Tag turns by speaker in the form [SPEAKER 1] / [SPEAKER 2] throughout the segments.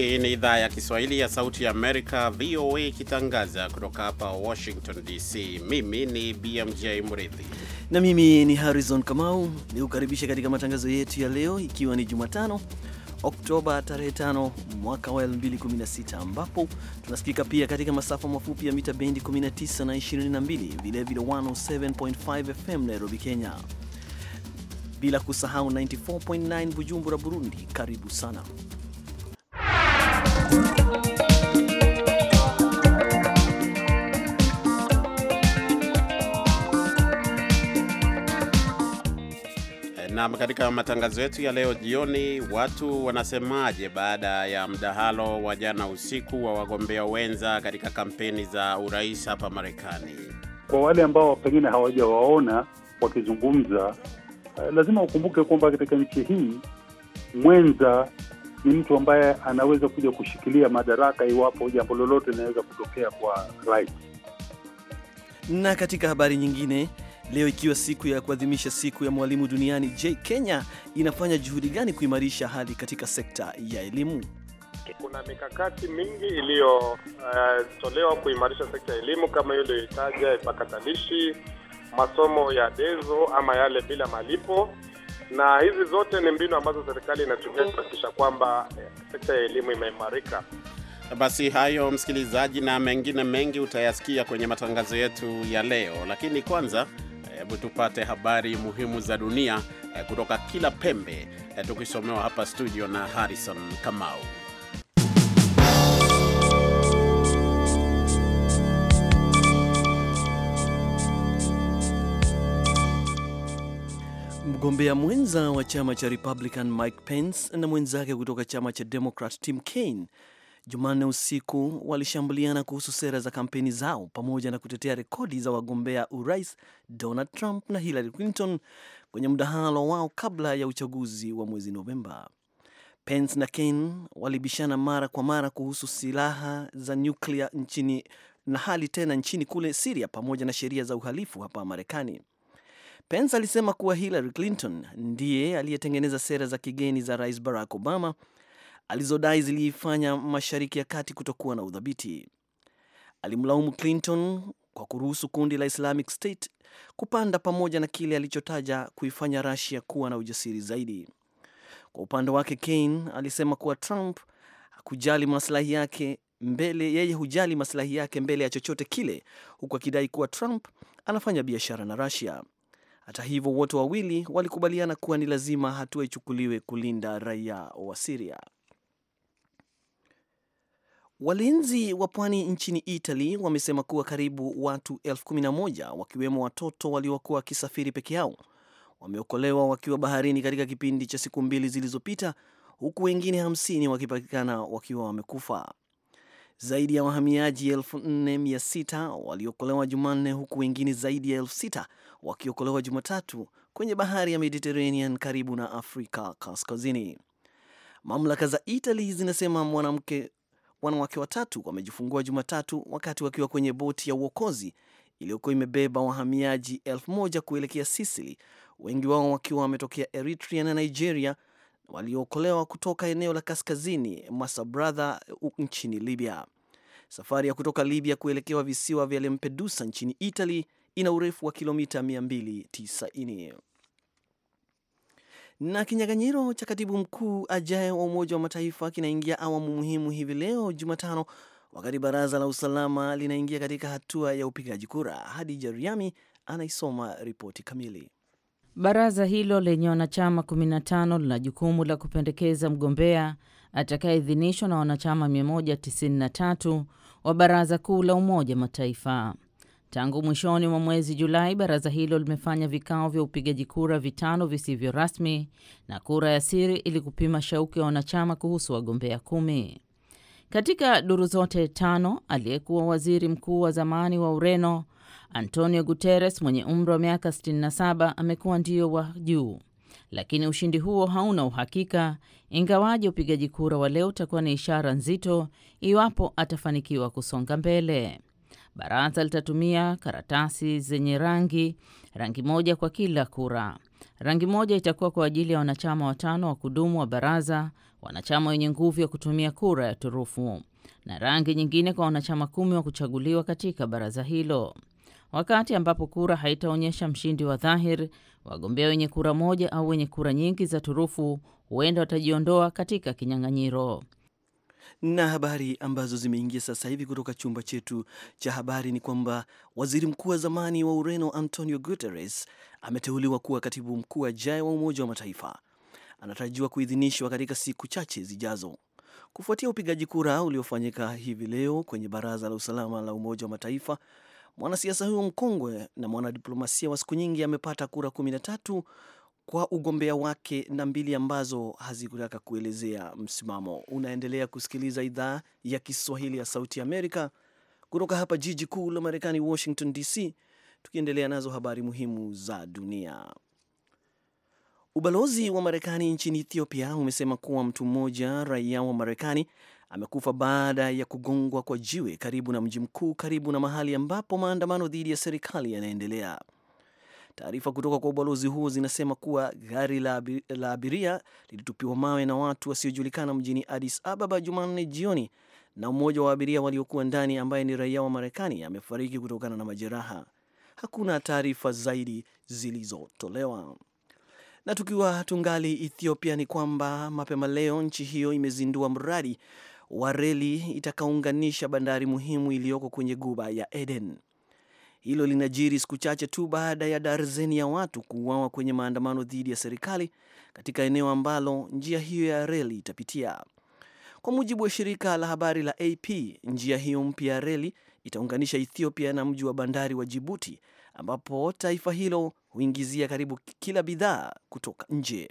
[SPEAKER 1] Hii ni idhaa ya Kiswahili ya Sauti ya Amerika, VOA, ikitangaza kutoka hapa Washington DC. Mimi ni BMJ Mridhi
[SPEAKER 2] na mimi ni Harrison Kamau, ni kukaribisha katika matangazo yetu ya leo, ikiwa ni Jumatano Oktoba tarehe 5 mwaka wa 2016 ambapo tunasikika pia katika masafa mafupi ya mita bendi 19 na 22, vilevile 107.5 FM Nairobi, Kenya, bila kusahau 94.9 Bujumbura, Burundi. Karibu sana
[SPEAKER 1] nam katika matangazo yetu ya leo jioni, watu wanasemaje baada ya mdahalo wa jana usiku wa wagombea wenza katika kampeni za urais hapa Marekani?
[SPEAKER 3] Kwa wale ambao pengine hawajawaona wakizungumza, eh, lazima ukumbuke kwamba katika nchi hii mwenza ni mtu ambaye anaweza kuja kushikilia madaraka iwapo jambo lolote linaweza kutokea kwa rais.
[SPEAKER 2] Na katika habari nyingine leo, ikiwa siku ya kuadhimisha siku ya mwalimu duniani, je, Kenya inafanya juhudi gani kuimarisha hali katika sekta ya elimu?
[SPEAKER 4] Kuna mikakati mingi iliyotolewa uh, kuimarisha sekta ya elimu kama hiyo iliyohitaja ipakatalishi, masomo ya dezo ama yale bila malipo na hizi zote ni mbinu ambazo serikali inatumia kuhakikisha kwamba eh, sekta ya elimu imeimarika.
[SPEAKER 1] Basi hayo, msikilizaji, na mengine mengi utayasikia kwenye matangazo yetu ya leo, lakini kwanza, hebu tupate habari muhimu za dunia eh, kutoka kila pembe, eh, tukisomewa hapa studio na Harrison Kamau. Mgombea
[SPEAKER 2] mwenza wa chama cha Republican Mike Pence na mwenzake kutoka chama cha Democrat Tim Kaine Jumanne usiku walishambuliana kuhusu sera za kampeni zao pamoja na kutetea rekodi za wagombea urais Donald Trump na Hillary Clinton kwenye mdahalo wao kabla ya uchaguzi wa mwezi Novemba. Pence na Kaine walibishana mara kwa mara kuhusu silaha za nyuklia nchini na hali tena nchini kule Siria pamoja na sheria za uhalifu hapa Marekani. Pence alisema kuwa Hillary Clinton ndiye aliyetengeneza sera za kigeni za Rais Barack Obama alizodai ziliifanya Mashariki ya Kati kutokuwa na udhabiti. Alimlaumu Clinton kwa kuruhusu kundi la Islamic State kupanda pamoja na kile alichotaja kuifanya Russia kuwa na ujasiri zaidi. Kwa upande wake, Kane alisema kuwa Trump hakujali maslahi yake mbele, yeye hujali maslahi yake mbele ya chochote kile, huku akidai kuwa Trump anafanya biashara na Russia. Hata hivyo, wote wawili walikubaliana kuwa ni lazima hatua ichukuliwe kulinda raia wa Siria. Walinzi wa pwani nchini Italy wamesema kuwa karibu watu elfu kumi na moja wakiwemo watoto waliokuwa wakisafiri peke yao wameokolewa wakiwa baharini katika kipindi cha siku mbili zilizopita, huku wengine hamsini wakipatikana wakiwa wamekufa. Zaidi ya wahamiaji 4600 waliokolewa Jumanne, huku wengine zaidi ya 6000 wakiokolewa Jumatatu kwenye bahari ya Mediterranean karibu na Afrika Kaskazini. Mamlaka za Italy zinasema mwanamke wanawake watatu wamejifungua Jumatatu wakati wakiwa kwenye boti ya uokozi iliyokuwa imebeba wahamiaji 1 kuelekea Sisili, wengi wao wakiwa wametokea Eritrea na Nigeria, waliookolewa kutoka eneo la kaskazini Masabratha nchini Libya. Safari ya kutoka Libya kuelekewa visiwa vya Lampedusa nchini Italy ina urefu wa kilomita 290. Na kinyaganyiro cha katibu mkuu ajaye wa Umoja wa Mataifa kinaingia awamu muhimu hivi leo Jumatano, wakati baraza la usalama linaingia katika hatua ya upigaji kura. Hadi Jariami anaisoma ripoti kamili.
[SPEAKER 5] Baraza hilo lenye wanachama 15 lina jukumu la kupendekeza mgombea atakayeidhinishwa na wanachama 193 wa Baraza Kuu la Umoja Mataifa. Tangu mwishoni mwa mwezi Julai, baraza hilo limefanya vikao vya upigaji kura vitano visivyo rasmi na kura ya siri ili kupima shauki ya wanachama kuhusu wagombea kumi. Katika duru zote tano, aliyekuwa waziri mkuu wa zamani wa Ureno Antonio Guterres mwenye umri wa miaka 67 amekuwa ndio wa juu, lakini ushindi huo hauna uhakika, ingawaje upigaji kura wa leo utakuwa ni ishara nzito iwapo atafanikiwa kusonga mbele. Baraza litatumia karatasi zenye rangi rangi moja kwa kila kura. Rangi moja itakuwa kwa ajili ya wanachama watano wa kudumu wa baraza, wanachama wenye nguvu ya kutumia kura ya turufu, na rangi nyingine kwa wanachama kumi wa kuchaguliwa katika baraza hilo. Wakati ambapo kura haitaonyesha mshindi wa dhahir, wagombea wenye kura moja au wenye kura nyingi za turufu huenda watajiondoa katika kinyang'anyiro.
[SPEAKER 2] Na habari ambazo zimeingia sasa hivi kutoka chumba chetu cha habari ni kwamba waziri mkuu wa zamani wa Ureno Antonio Guterres ameteuliwa kuwa katibu mkuu ajaye wa Umoja wa Mataifa. Anatarajiwa kuidhinishwa katika siku chache zijazo kufuatia upigaji kura uliofanyika hivi leo kwenye Baraza la Usalama la Umoja wa Mataifa Mwanasiasa huyo mkongwe na mwanadiplomasia wa siku nyingi amepata kura 13 kwa ugombea wake na mbili ambazo hazikutaka kuelezea msimamo. Unaendelea kusikiliza idhaa ya Kiswahili ya Sauti Amerika kutoka hapa jiji kuu la Marekani, Washington DC, tukiendelea nazo habari muhimu za dunia. Ubalozi wa Marekani nchini Ethiopia umesema kuwa mtu mmoja raia wa Marekani amekufa baada ya kugongwa kwa jiwe karibu na mji mkuu, karibu na mahali ambapo maandamano dhidi ya serikali yanaendelea. Taarifa kutoka kwa ubalozi huo zinasema kuwa gari la abiria lilitupiwa mawe na watu wasiojulikana mjini Addis Ababa Jumanne jioni, na mmoja wa abiria waliokuwa ndani ambaye ni raia wa Marekani amefariki kutokana na majeraha. Hakuna taarifa zaidi zilizotolewa. Na tukiwa tungali Ethiopia, ni kwamba mapema leo nchi hiyo imezindua mradi wa reli itakaunganisha bandari muhimu iliyoko kwenye guba ya Eden. Hilo linajiri siku chache tu baada ya darzeni ya watu kuuawa kwenye maandamano dhidi ya serikali katika eneo ambalo njia hiyo ya reli itapitia. Kwa mujibu wa shirika la habari la AP, njia hiyo mpya ya reli itaunganisha Ethiopia na mji wa bandari wa Jibuti, ambapo taifa hilo huingizia karibu kila bidhaa kutoka nje.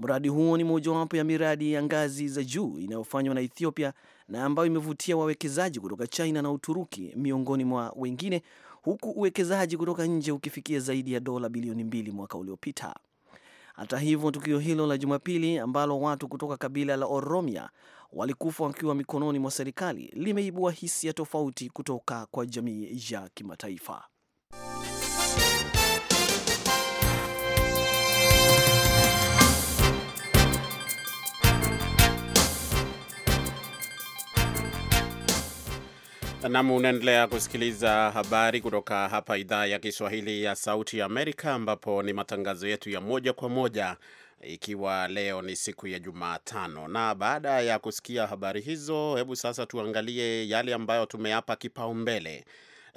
[SPEAKER 2] Mradi huo ni mojawapo ya miradi ya ngazi za juu inayofanywa na Ethiopia na ambayo imevutia wawekezaji kutoka China na Uturuki miongoni mwa wengine, huku uwekezaji kutoka nje ukifikia zaidi ya dola bilioni mbili mwaka uliopita. Hata hivyo, tukio hilo la Jumapili ambalo watu kutoka kabila la Oromia walikufa wakiwa mikononi mwa serikali limeibua hisia tofauti kutoka kwa jamii ya kimataifa.
[SPEAKER 1] Nam, unaendelea kusikiliza habari kutoka hapa idhaa ya Kiswahili ya Sauti ya Amerika, ambapo ni matangazo yetu ya moja kwa moja, ikiwa leo ni siku ya Jumatano. Na baada ya kusikia habari hizo, hebu sasa tuangalie yale ambayo tumeapa kipaumbele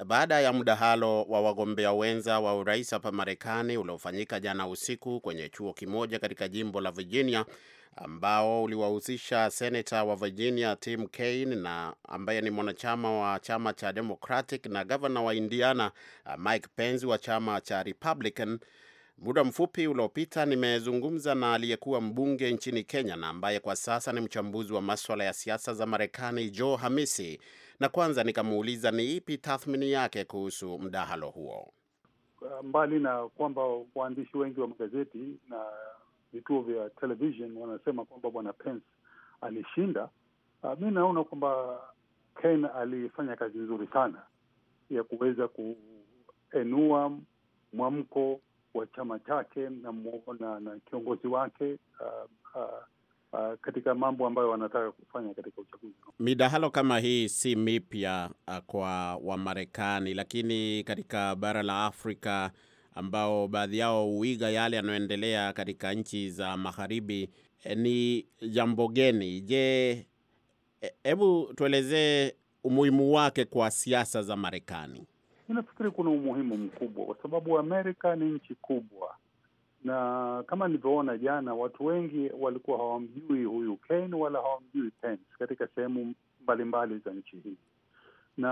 [SPEAKER 1] baada ya mdahalo wa wagombea wenza wa urais hapa Marekani uliofanyika jana usiku kwenye chuo kimoja katika jimbo la Virginia ambao uliwahusisha senata wa Virginia Tim Kaine na ambaye ni mwanachama wa chama cha Democratic na gavana wa Indiana Mike Pence wa chama cha Republican Muda mfupi uliopita nimezungumza na aliyekuwa mbunge nchini Kenya na ambaye kwa sasa ni mchambuzi wa maswala ya siasa za Marekani, Joe Hamisi, na kwanza nikamuuliza ni ipi tathmini yake kuhusu mdahalo huo. Uh,
[SPEAKER 3] mbali na kwamba waandishi wengi wa magazeti na vituo vya television wanasema kwamba bwana Pence alishinda, uh, mi naona kwamba Ken alifanya kazi nzuri sana ya kuweza kuenua mwamko wa chama chake na, na, kiongozi wake uh, uh, Uh, katika mambo ambayo wanataka kufanya katika uchaguzi.
[SPEAKER 1] Midahalo kama hii si mipya uh, kwa Wamarekani, lakini katika bara la Afrika ambao baadhi yao huiga yale yanayoendelea katika nchi za magharibi eh, ni jambo geni. Je, eh, hebu tuelezee umuhimu wake kwa siasa za Marekani
[SPEAKER 3] inafikiri kuna umuhimu mkubwa kwa sababu Amerika ni nchi kubwa, na kama nilivyoona jana, watu wengi walikuwa hawamjui huyu Ken wala hawamjui Pence katika sehemu mbalimbali za nchi hii, na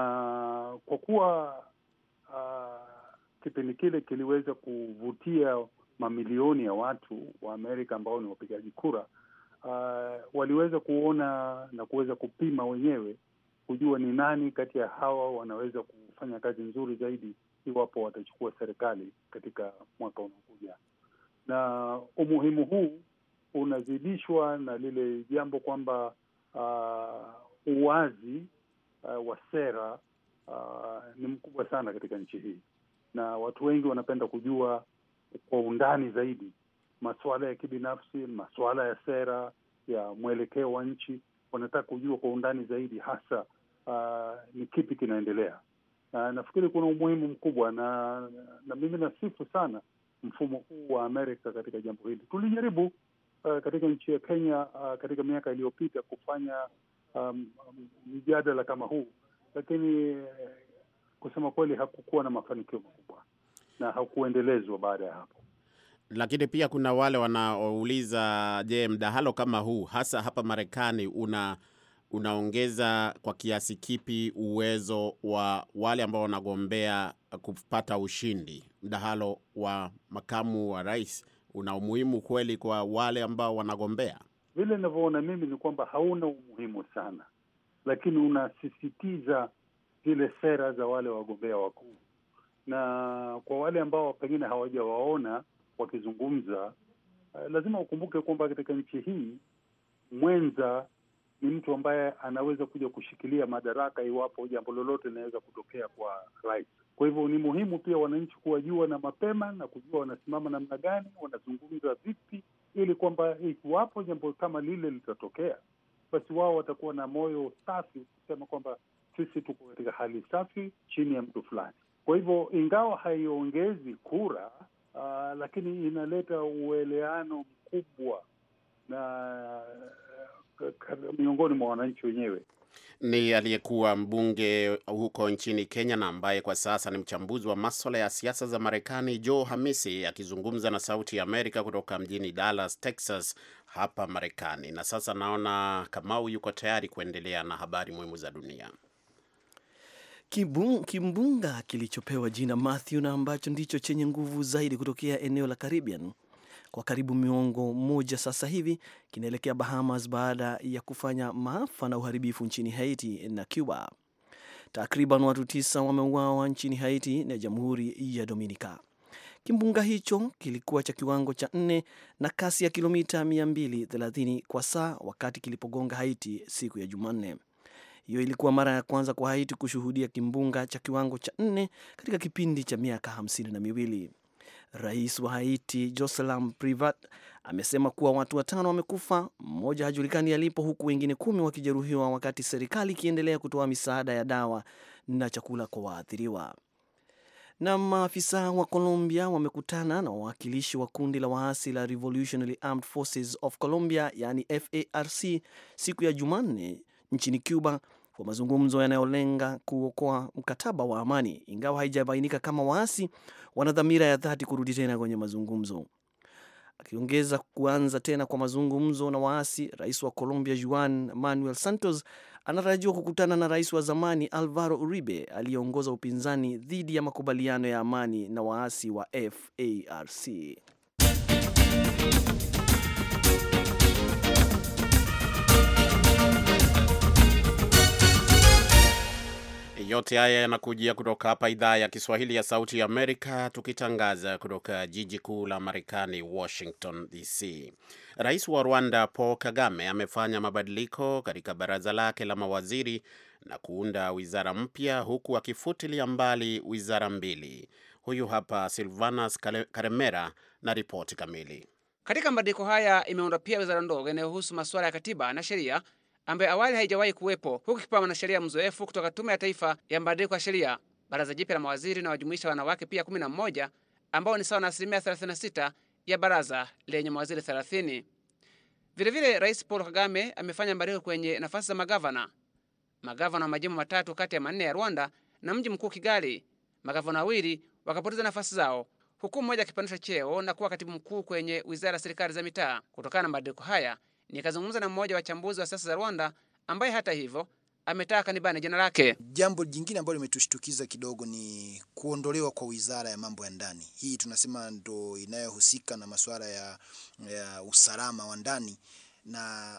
[SPEAKER 3] kwa kuwa uh, kipindi kile kiliweza kuvutia mamilioni ya watu wa Amerika ambao ni wapigaji kura uh, waliweza kuona na kuweza kupima wenyewe kujua ni nani kati ya hawa wanaweza kufanya kazi nzuri zaidi iwapo watachukua serikali katika mwaka unaokuja. Na umuhimu huu unazidishwa na lile jambo kwamba uh, uwazi uh, wa sera uh, ni mkubwa sana katika nchi hii, na watu wengi wanapenda kujua kwa undani zaidi masuala ya kibinafsi, masuala ya sera ya mwelekeo wa nchi, wanataka kujua kwa undani zaidi hasa uh, ni kipi kinaendelea, Uh, nafikiri kuna umuhimu mkubwa na, na mimi nasifu sana mfumo huu wa Amerika katika jambo hili. Tulijaribu uh, katika nchi ya Kenya uh, katika miaka iliyopita kufanya um, mjadala kama huu, lakini uh, kusema kweli hakukuwa na mafanikio makubwa na hakuendelezwa baada ya hapo.
[SPEAKER 1] Lakini pia kuna wale wanaouliza, je, mdahalo kama huu hasa hapa Marekani una unaongeza kwa kiasi kipi uwezo wa wale ambao wanagombea kupata ushindi? Mdahalo wa makamu wa rais una umuhimu kweli kwa wale ambao wanagombea?
[SPEAKER 3] Vile inavyoona mimi ni kwamba hauna umuhimu sana, lakini unasisitiza zile sera za wale wagombea wakuu, na kwa wale ambao pengine hawajawaona wakizungumza, eh, lazima ukumbuke kwamba katika nchi hii mwenza ni mtu ambaye anaweza kuja kushikilia madaraka iwapo jambo lolote linaweza kutokea kwa rais. Kwa hivyo ni muhimu pia wananchi kuwajua na mapema na kujua wanasimama namna gani, wanazungumza vipi, ili kwamba iwapo jambo kama lile litatokea, basi wao watakuwa na moyo safi kusema kwamba sisi tuko katika hali safi chini ya mtu fulani. Kwa hivyo ingawa haiongezi kura uh, lakini inaleta ueleano mkubwa na miongoni mwa wananchi wenyewe.
[SPEAKER 1] Ni aliyekuwa mbunge huko nchini Kenya na ambaye kwa sasa ni mchambuzi wa maswala ya siasa za Marekani, Joe Hamisi akizungumza na Sauti ya Amerika kutoka mjini Dallas, Texas hapa Marekani. Na sasa naona Kamau yuko tayari kuendelea na habari muhimu za dunia.
[SPEAKER 2] Kibung, kimbunga kilichopewa jina Matthew na ambacho ndicho chenye nguvu zaidi kutokea eneo la Caribbean kwa karibu miongo moja sasa hivi kinaelekea Bahamas baada ya kufanya maafa na uharibifu nchini Haiti na Cuba. Takriban watu tisa wameuawa nchini Haiti na Jamhuri ya Dominica. Kimbunga hicho kilikuwa cha kiwango cha nne na kasi ya kilomita 230 kwa saa wakati kilipogonga Haiti siku ya Jumanne. Hiyo ilikuwa mara ya kwanza kwa Haiti kushuhudia kimbunga cha kiwango cha nne katika kipindi cha miaka hamsini na miwili. Rais wa Haiti Joselam Privat amesema kuwa watu watano wamekufa, mmoja hajulikani alipo, huku wengine kumi wakijeruhiwa, wakati serikali ikiendelea kutoa misaada ya dawa na chakula kwa waathiriwa. Na maafisa wa Colombia wamekutana na wawakilishi wa kundi la waasi la Revolutionary Armed Forces of Colombia, yani FARC siku ya Jumanne nchini Cuba kwa mazungumzo yanayolenga kuokoa mkataba wa amani, ingawa haijabainika kama waasi wana dhamira ya dhati kurudi tena kwenye mazungumzo. Akiongeza kuanza tena kwa mazungumzo na waasi, rais wa Colombia Juan Manuel Santos anatarajiwa kukutana na rais wa zamani Alvaro Uribe aliyeongoza upinzani dhidi ya makubaliano ya amani na waasi wa FARC.
[SPEAKER 1] Yote haya yanakujia kutoka hapa idhaa ya Kiswahili ya Sauti ya Amerika, tukitangaza kutoka jiji kuu la Marekani, Washington DC. Rais wa Rwanda Paul Kagame amefanya mabadiliko katika baraza lake la mawaziri na kuunda wizara mpya, huku akifutilia mbali wizara mbili. Huyu hapa Silvanas Karemera na ripoti kamili.
[SPEAKER 6] Katika mabadiliko haya imeunda pia wizara ndogo inayohusu masuala ya katiba na sheria ambayo awali haijawahi kuwepo, huku kipewa mwanasheria mzoefu kutoka Tume ya Taifa ya Mabadiliko ya Sheria. Baraza jipya la mawaziri na wajumuisha wanawake pia 11 ambao ni sawa na asilimia 36 ya baraza lenye mawaziri 30. Vilevile Rais Paul Kagame amefanya mabadiliko kwenye nafasi za magavana. Magavana wa majimbo matatu kati ya manne ya Rwanda na mji mkuu Kigali, magavana wawili wakapoteza nafasi zao, huku mmoja akipandishwa cheo na kuwa katibu mkuu kwenye wizara ya serikali za mitaa. Kutokana na mabadiliko haya Nikazungumza na mmoja wa wachambuzi wa siasa za Rwanda ambaye hata hivyo ametaka nibane jina lake.
[SPEAKER 2] Jambo jingine ambalo limetushtukiza kidogo ni kuondolewa kwa wizara ya mambo ya ndani. Hii tunasema ndo inayohusika na masuala ya, ya usalama wa ndani na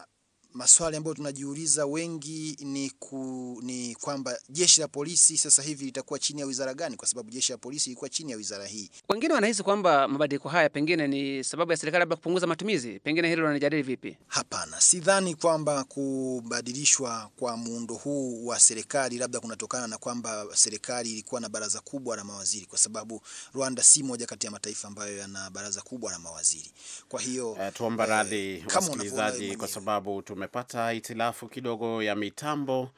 [SPEAKER 2] maswali ambayo tunajiuliza wengi ni, ku, ni kwamba jeshi la polisi sasa hivi litakuwa chini ya wizara gani? Kwa sababu jeshi la polisi ilikuwa chini ya wizara hii.
[SPEAKER 6] Wengine wanahisi kwamba mabadiliko haya pengine ni sababu ya serikali labda kupunguza matumizi, pengine hilo wanajadili vipi?
[SPEAKER 2] Hapana, sidhani kwamba kubadilishwa kwa muundo huu wa serikali labda kunatokana na kwamba serikali ilikuwa na baraza kubwa la mawaziri, kwa sababu Rwanda si moja kati ya mataifa ambayo yana baraza kubwa la mawaziri. Kwa hiyo
[SPEAKER 1] eh, tuomba eh, radhi eh, kwa sababu tume tumepata hitilafu kidogo ya mitambo,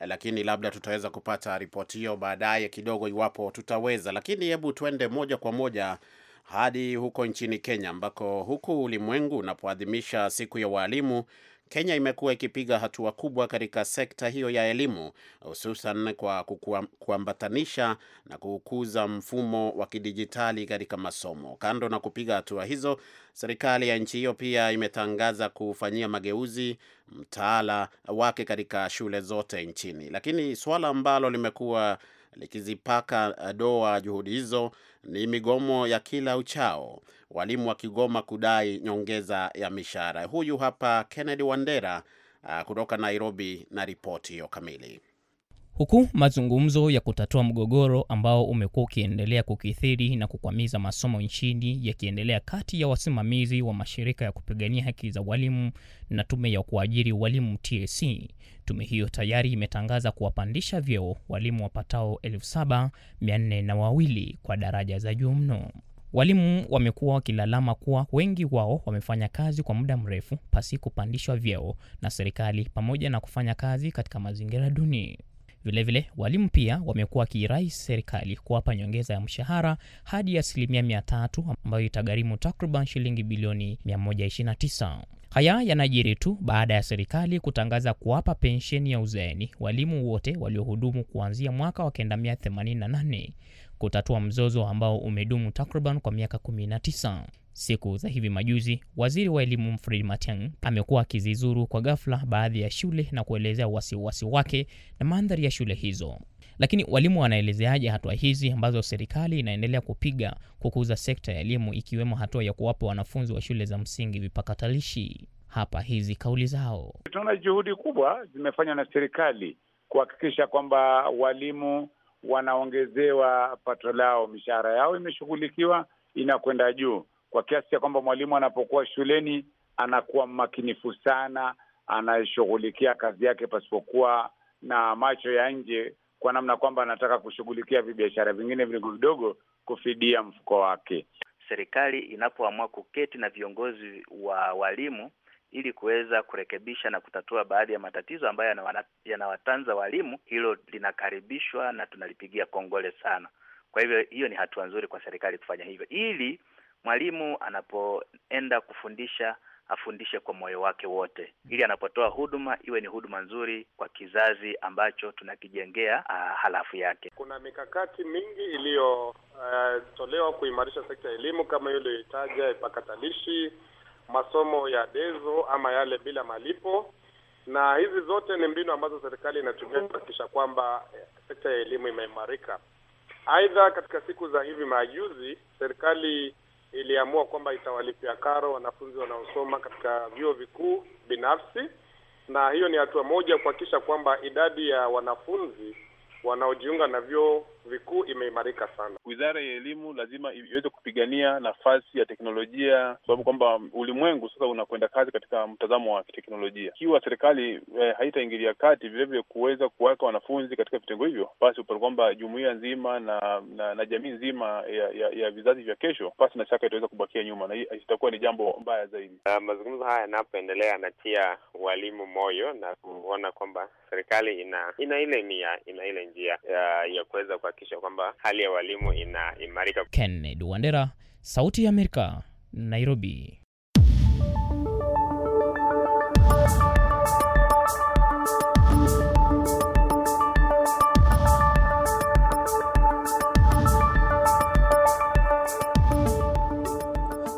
[SPEAKER 1] lakini labda tutaweza kupata ripoti hiyo baadaye kidogo, iwapo tutaweza. Lakini hebu tuende moja kwa moja hadi huko nchini Kenya, ambako huku ulimwengu unapoadhimisha siku ya waalimu Kenya imekuwa ikipiga hatua kubwa katika sekta hiyo ya elimu, hususan kwa kuambatanisha na kukuza mfumo wa kidijitali katika masomo. Kando na kupiga hatua hizo, serikali ya nchi hiyo pia imetangaza kufanyia mageuzi mtaala wake katika shule zote nchini, lakini suala ambalo limekuwa likizipaka doa juhudi hizo ni migomo ya kila uchao walimu wakigoma kudai nyongeza ya mishahara. Huyu hapa Kennedy Wandera ah, kutoka Nairobi na ripoti hiyo kamili.
[SPEAKER 7] Huku mazungumzo ya kutatua mgogoro ambao umekuwa ukiendelea kukithiri na kukwamiza masomo nchini yakiendelea kati ya wasimamizi wa mashirika ya kupigania haki za walimu na tume ya kuajiri walimu TSC. Tume hiyo tayari imetangaza kuwapandisha vyeo walimu wapatao elfu saba mia nne na wawili kwa daraja za juu mno. Walimu wamekuwa wakilalama kuwa wengi wao wamefanya kazi kwa muda mrefu pasi kupandishwa vyeo na serikali pamoja na kufanya kazi katika mazingira duni. Vilevile vile, walimu pia wamekuwa wakiirai serikali kuwapa nyongeza ya mshahara hadi asilimia mia tatu ambayo itagharimu takriban shilingi bilioni 129. Haya yanajiri tu baada ya serikali kutangaza kuwapa pensheni ya uzeeni walimu wote waliohudumu kuanzia mwaka wa 1988 kutatua mzozo ambao umedumu takriban kwa miaka 19. Siku za hivi majuzi, waziri wa elimu Mfred matin amekuwa akizizuru kwa ghafla baadhi ya shule na kuelezea wasiwasi wake na mandhari ya shule hizo. Lakini walimu wanaelezeaje hatua hizi ambazo serikali inaendelea kupiga kukuza sekta ya elimu, ikiwemo hatua ya kuwapa wanafunzi wa shule za msingi vipakatalishi? Hapa hizi kauli zao:
[SPEAKER 4] tunaona juhudi kubwa zimefanywa na serikali kuhakikisha kwamba walimu wanaongezewa pato lao, mishahara yao imeshughulikiwa, inakwenda juu kwa kiasi cha kwamba mwalimu anapokuwa shuleni anakuwa mmakinifu sana, anashughulikia kazi yake pasipokuwa na macho ya nje, kwa namna kwamba anataka kushughulikia vibiashara vingine vidogo vidogo kufidia mfuko wake.
[SPEAKER 7] Serikali inapoamua kuketi na viongozi wa walimu ili kuweza kurekebisha na kutatua baadhi ya matatizo ambayo yanawatanza walimu. Hilo linakaribishwa na tunalipigia kongole sana. Kwa hivyo hiyo ni hatua nzuri kwa serikali kufanya hivyo, ili mwalimu anapoenda kufundisha afundishe kwa moyo wake wote, ili anapotoa huduma iwe ni huduma nzuri kwa kizazi ambacho tunakijengea ah, halafu yake. Kuna
[SPEAKER 4] mikakati mingi iliyotolewa eh, uh, kuimarisha sekta ya elimu kama hiyo iliyoitaja ipakatalishi masomo ya dezo ama yale bila malipo, na hizi zote ni mbinu ambazo serikali inatumia kuhakikisha kwamba eh, sekta ya elimu imeimarika. Aidha, katika siku za hivi majuzi serikali iliamua kwamba itawalipia karo wanafunzi wanaosoma katika vyuo vikuu binafsi, na hiyo ni hatua moja kuhakikisha kwamba idadi ya wanafunzi wanaojiunga na vyuo vikuu imeimarika sana. Wizara ya Elimu lazima iweze kupigania nafasi ya teknolojia, sababu kwamba ulimwengu sasa unakwenda kazi katika mtazamo wa kiteknolojia. Ikiwa serikali eh, haitaingilia kati vilevile kuweza kuweka wanafunzi katika vitengo hivyo, basi upate kwamba jumuiya nzima na na, na jamii nzima ya, ya, ya vizazi vya kesho, basi na shaka itaweza kubakia nyuma, na itakuwa ni jambo mbaya zaidi. Uh, mazungumzo haya yanapoendelea yanatia walimu moyo na kuona kwamba serikali ina ina ile nia ina ile njia ya, eh, ya kuweza kuhakikisha kwamba hali ya walimu inaimarika.
[SPEAKER 7] Kenneth Wandera, Sauti ya Amerika, Nairobi.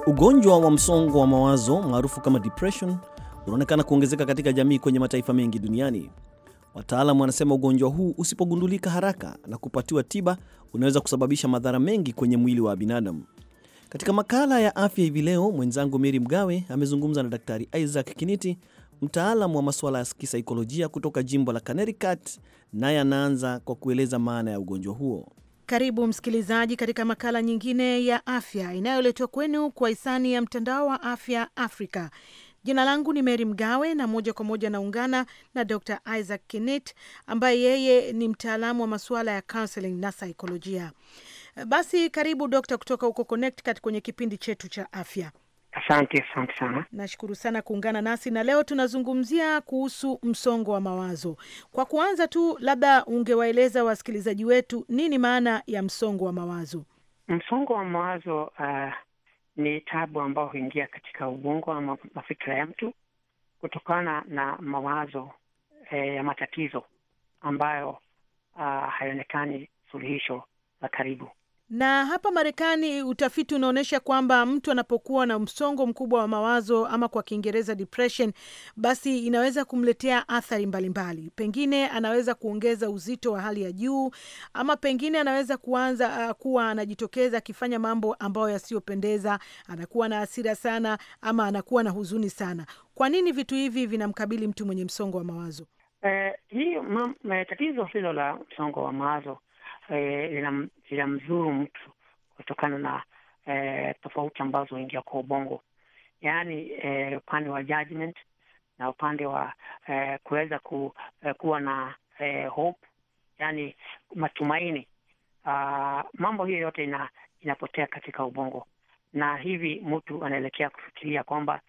[SPEAKER 2] Ugonjwa wa msongo wa mawazo maarufu kama depression unaonekana kuongezeka katika jamii kwenye mataifa mengi duniani. Wataalamu wanasema ugonjwa huu usipogundulika haraka na kupatiwa tiba unaweza kusababisha madhara mengi kwenye mwili wa binadamu. Katika makala ya afya hivi leo, mwenzangu Meri Mgawe amezungumza na Daktari Isaac Kiniti, mtaalamu wa masuala ya kisaikolojia kutoka jimbo la Connecticut, naye anaanza kwa kueleza maana ya ugonjwa huo.
[SPEAKER 6] Karibu msikilizaji katika makala nyingine ya afya inayoletwa kwenu kwa hisani ya mtandao wa afya Afrika. Jina langu ni Mary Mgawe na moja kwa moja naungana na Dr Isaac Kinit ambaye yeye ni mtaalamu wa masuala ya counseling na saikolojia. Basi karibu dokta kutoka huko Connecticut kwenye kipindi chetu cha afya.
[SPEAKER 8] Asante, asante sana.
[SPEAKER 6] Nashukuru sana kuungana nasi na leo tunazungumzia kuhusu msongo wa mawazo. Kwa kuanza tu, labda ungewaeleza wasikilizaji wetu nini maana ya msongo wa mawazo? Msongo wa mawazo
[SPEAKER 8] uh, ni tabu ambao huingia katika ubongo ama mafikira ya mtu kutokana na mawazo eh, ya matatizo ambayo uh, hayaonekani suluhisho la karibu.
[SPEAKER 6] Na hapa Marekani utafiti unaonyesha kwamba mtu anapokuwa na msongo mkubwa wa mawazo ama kwa Kiingereza depression, basi inaweza kumletea athari mbalimbali mbali. Pengine anaweza kuongeza uzito wa hali ya juu ama pengine anaweza kuanza uh, kuwa anajitokeza akifanya mambo ambayo yasiyopendeza, anakuwa na hasira sana ama anakuwa na huzuni sana. Kwa nini vitu hivi vinamkabili mtu mwenye msongo wa mawazo?
[SPEAKER 8] Eh, hii mm, eh, tatizo hilo la msongo wa mawazo eh, inamdhuru ina mtu kutokana na eh, tofauti ambazo huingia kwa ubongo, yaani eh, upande wa judgment na upande wa eh, kuweza ku, eh, kuwa na eh, hope, yaani matumaini. Uh, mambo hiyo yote ina, inapotea katika ubongo, na hivi mtu anaelekea kufikiria kwamba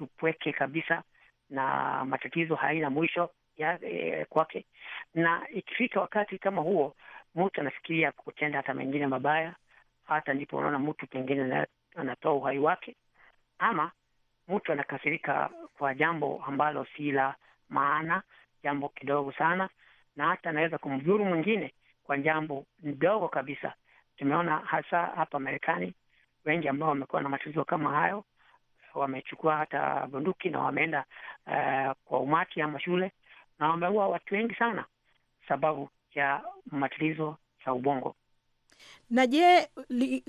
[SPEAKER 8] upweke kabisa na matatizo haina mwisho ya, eh, kwake. Na ikifika wakati kama huo mtu anafikiria kutenda hata mengine mabaya, hata ndipo unaona mtu pengine anatoa uhai wake, ama mtu anakasirika kwa jambo ambalo si la maana, jambo kidogo sana, na hata anaweza kumdhuru mwingine kwa jambo ndogo kabisa. Tumeona hasa hapa Marekani wengi ambao wamekuwa na matatizo kama hayo wamechukua hata bunduki na wameenda uh, kwa umati ama shule na wameua watu wengi sana, sababu ya matatizo ya ubongo.
[SPEAKER 6] Na je,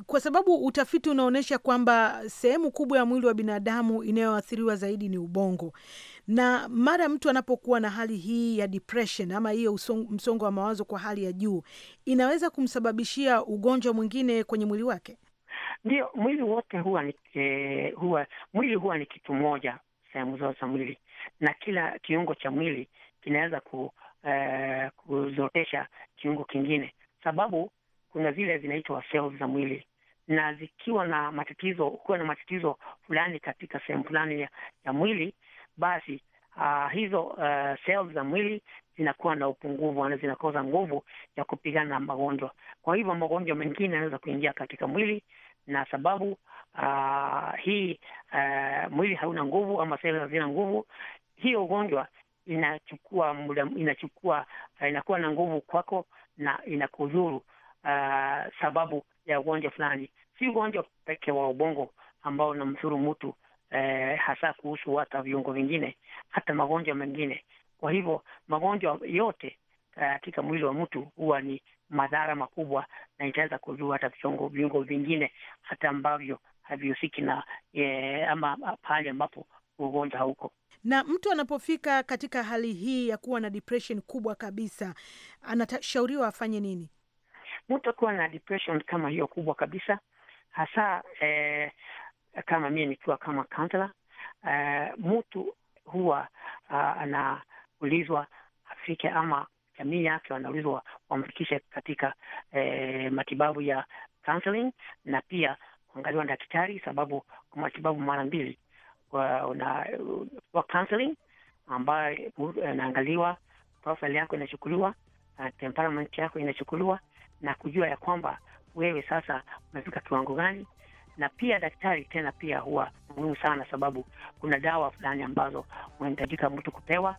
[SPEAKER 6] kwa sababu utafiti unaonyesha kwamba sehemu kubwa ya mwili wa binadamu inayoathiriwa zaidi ni ubongo, na mara mtu anapokuwa na hali hii ya depression ama hiyo msongo wa mawazo kwa hali ya juu, inaweza kumsababishia ugonjwa mwingine kwenye mwili wake. Ndio, mwili
[SPEAKER 8] wote huwa ni eh, huwa mwili huwa ni kitu moja, sehemu zote za mwili na kila kiungo cha mwili kinaweza ku Eh, kuzotesha kiungo kingine, sababu kuna zile zinaitwa cells za mwili, na zikiwa na matatizo, ukiwa na matatizo fulani katika sehemu fulani ya, ya mwili, basi uh, hizo uh, cells za mwili zinakuwa na upungufu na yaani zinakosa nguvu ya kupigana na magonjwa. Kwa hivyo magonjwa mengine yanaweza kuingia katika mwili na sababu uh, hii uh, mwili hauna nguvu ama seli hazina nguvu, hiyo ugonjwa inachukua muda, inachukua inakuwa na nguvu kwako na inakudhuru, uh, sababu ya ugonjwa fulani. Si ugonjwa pekee wa ubongo ambao unamdhuru mtu eh, hasa kuhusu hata viungo vingine, hata magonjwa mengine. Kwa hivyo magonjwa yote ah, katika mwili wa mtu huwa ni madhara makubwa, na itaweza kujua hata viungo viungo vingine hata ambavyo havihusiki na eh, ama pahali ambapo ugonjwa hauko. Na mtu
[SPEAKER 6] anapofika katika hali hii ya kuwa na depression kubwa kabisa, anashauriwa
[SPEAKER 8] afanye nini? Mtu akiwa na depression kama hiyo kubwa kabisa, hasa eh, kama mie nikiwa kama counselor eh, mtu huwa uh, anaulizwa afike ama jamii yake wanaulizwa wamfikishe katika eh, matibabu ya counseling na pia kuangaliwa na daktari, sababu matibabu mara mbili kwa, una, kwa counseling ambayo inaangaliwa profile yako inachukuliwa, uh, temperament yako inachukuliwa na kujua ya kwamba wewe sasa umefika kiwango gani. Na pia daktari tena pia huwa muhimu sana, sababu kuna dawa fulani ambazo unahitajika mtu kupewa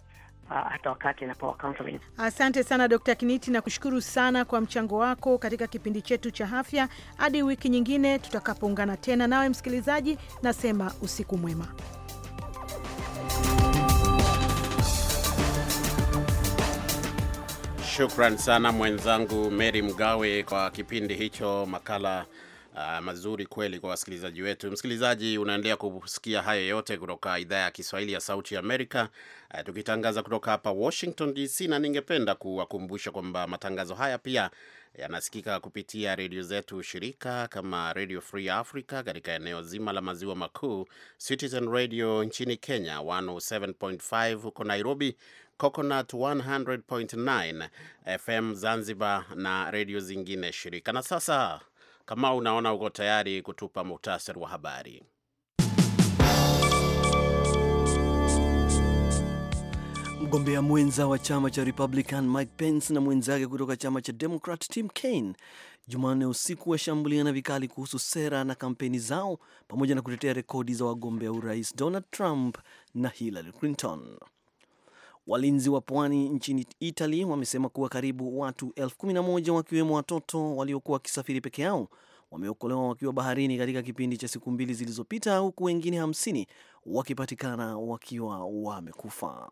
[SPEAKER 8] Ah, hata wakati anapewa counseling.
[SPEAKER 6] Asante sana Dr. Kiniti, na kushukuru sana kwa mchango wako katika kipindi chetu cha afya. Hadi wiki nyingine tutakapoungana tena nawe, msikilizaji, nasema usiku mwema.
[SPEAKER 1] Shukran sana mwenzangu Mary Mgawe kwa kipindi hicho, makala Uh, mazuri kweli kwa wasikilizaji wetu. Msikilizaji, unaendelea kusikia hayo yote kutoka idhaa ya Kiswahili ya Sauti ya Amerika, uh, tukitangaza kutoka hapa Washington DC, na ningependa kuwakumbusha kwamba matangazo haya pia yanasikika kupitia redio zetu shirika kama Radio Free Africa katika eneo zima la maziwa makuu, Citizen Radio nchini Kenya 107.5 huko Nairobi, Coconut 100.9 FM Zanzibar na redio zingine shirika. Na sasa kama unaona uko tayari kutupa muhtasari wa habari.
[SPEAKER 2] Mgombea mwenza wa chama cha Republican Mike Pence na mwenzake kutoka chama cha Democrat Tim Kaine Jumanne usiku washambuliana vikali kuhusu sera na kampeni zao pamoja na kutetea rekodi za wagombea urais Donald Trump na Hillary Clinton. Walinzi wa pwani nchini Italy wamesema kuwa karibu watu elfu kumi na moja wakiwemo watoto waliokuwa wakisafiri peke yao wameokolewa wakiwa baharini katika kipindi cha siku mbili zilizopita, huku wengine hamsini wakipatikana wakiwa wamekufa.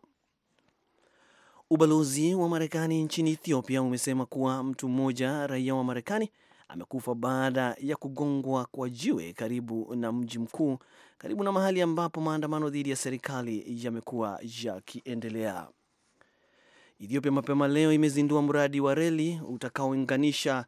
[SPEAKER 2] Ubalozi wa Marekani nchini Ethiopia umesema kuwa mtu mmoja raia wa Marekani amekufa baada ya kugongwa kwa jiwe karibu na mji mkuu, karibu na mahali ambapo maandamano dhidi ya serikali yamekuwa yakiendelea. Ethiopia mapema leo imezindua mradi wa reli utakaounganisha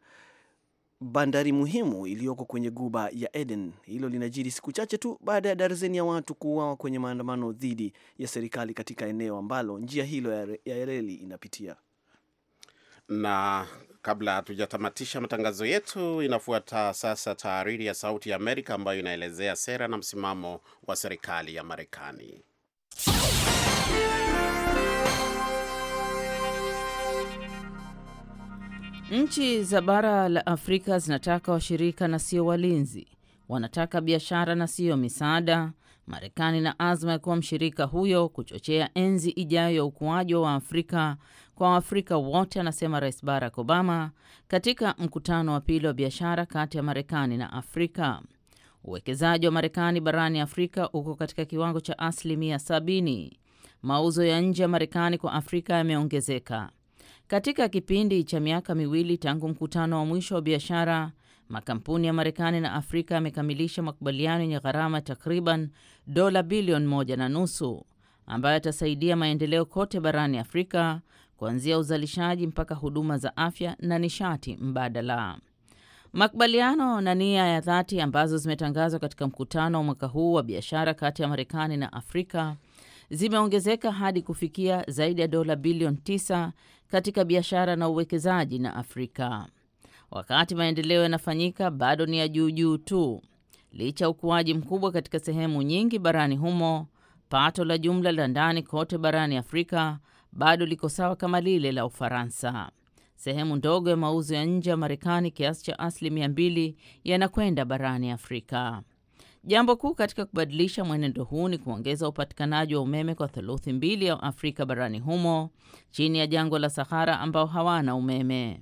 [SPEAKER 2] bandari muhimu iliyoko kwenye guba ya Eden. Hilo linajiri siku chache tu baada ya darzeni ya watu kuuawa kwenye maandamano dhidi ya serikali katika eneo ambalo njia hilo ya reli
[SPEAKER 1] inapitia. Na Kabla hatujatamatisha matangazo yetu, inafuata sasa tahariri ya Sauti ya Amerika ambayo inaelezea sera na msimamo wa serikali ya Marekani.
[SPEAKER 5] Nchi za bara la Afrika zinataka washirika na sio walinzi, wanataka biashara na siyo misaada. Marekani na azma ya kuwa mshirika huyo kuchochea enzi ijayo ya ukuaji wa Afrika kwa Waafrika wote, anasema Rais Barack Obama katika mkutano wa pili wa biashara kati ya Marekani na Afrika. Uwekezaji wa Marekani barani Afrika uko katika kiwango cha asilimia 70 Mauzo ya nje ya Marekani kwa Afrika yameongezeka katika kipindi cha miaka miwili tangu mkutano wa mwisho wa biashara. Makampuni ya Marekani na Afrika yamekamilisha makubaliano yenye gharama takriban dola bilioni moja na nusu ambayo yatasaidia maendeleo kote barani Afrika kuanzia uzalishaji mpaka huduma za afya na nishati mbadala. Makubaliano na nia ya dhati ambazo zimetangazwa katika mkutano wa mwaka huu wa biashara kati ya Marekani na Afrika zimeongezeka hadi kufikia zaidi ya dola bilioni 9 katika biashara na uwekezaji na Afrika. Wakati maendeleo yanafanyika, bado ni ya juujuu tu. Licha ya ukuaji mkubwa katika sehemu nyingi barani humo, pato la jumla la ndani kote barani Afrika bado liko sawa kama lile la Ufaransa. Sehemu ndogo ya mauzo ya nje ya Marekani, kiasi cha asilimia mbili, yanakwenda barani Afrika. Jambo kuu katika kubadilisha mwenendo huu ni kuongeza upatikanaji wa umeme kwa theluthi mbili ya Afrika barani humo chini ya jangwa la Sahara ambao hawana umeme.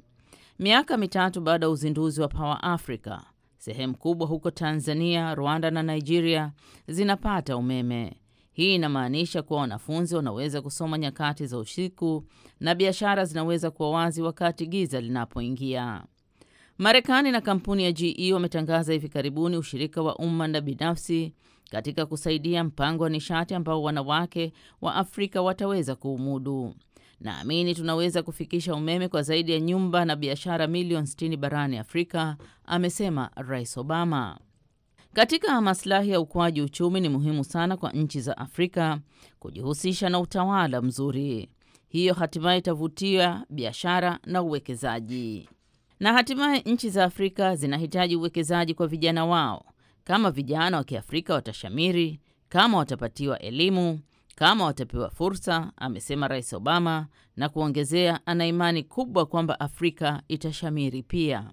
[SPEAKER 5] Miaka mitatu baada ya uzinduzi wa Power Africa, sehemu kubwa huko Tanzania, Rwanda na Nigeria zinapata umeme. Hii inamaanisha kuwa wanafunzi wanaweza kusoma nyakati za usiku na biashara zinaweza kuwa wazi wakati giza linapoingia. Marekani na kampuni ya GE wametangaza hivi karibuni ushirika wa umma na binafsi katika kusaidia mpango wa nishati ambao wanawake wa Afrika wataweza kuumudu. Naamini tunaweza kufikisha umeme kwa zaidi ya nyumba na biashara milioni 60 barani Afrika, amesema Rais Obama. Katika maslahi ya ukuaji uchumi, ni muhimu sana kwa nchi za Afrika kujihusisha na utawala mzuri. Hiyo hatimaye itavutia biashara na uwekezaji. Na hatimaye nchi za Afrika zinahitaji uwekezaji kwa vijana wao. Kama vijana wa Kiafrika watashamiri, kama watapatiwa elimu, kama watapewa fursa, amesema Rais Obama, na kuongezea ana imani kubwa kwamba Afrika itashamiri pia.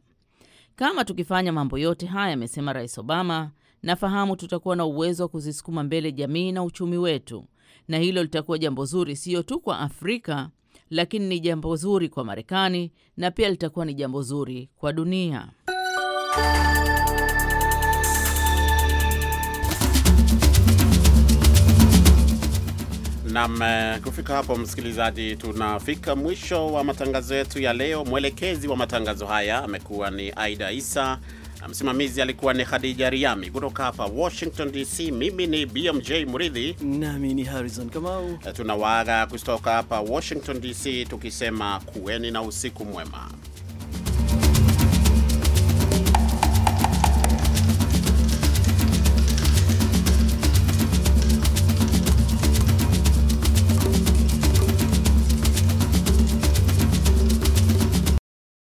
[SPEAKER 5] Kama tukifanya mambo yote haya, amesema Rais Obama, nafahamu tutakuwa na uwezo wa kuzisukuma mbele jamii na uchumi wetu, na hilo litakuwa jambo zuri siyo tu kwa Afrika, lakini ni jambo zuri kwa Marekani na pia litakuwa ni jambo zuri kwa dunia.
[SPEAKER 1] Nam, eh, kufika hapo msikilizaji, tunafika mwisho wa matangazo yetu ya leo. Mwelekezi wa matangazo haya amekuwa ni Aida Isa na msimamizi alikuwa ni Khadija Riami. Kutoka hapa Washington DC, mimi ni BMJ Mridhi nami ni Harrison Kamau. Eh, tunawaaga kutoka hapa Washington DC tukisema kuweni na usiku mwema.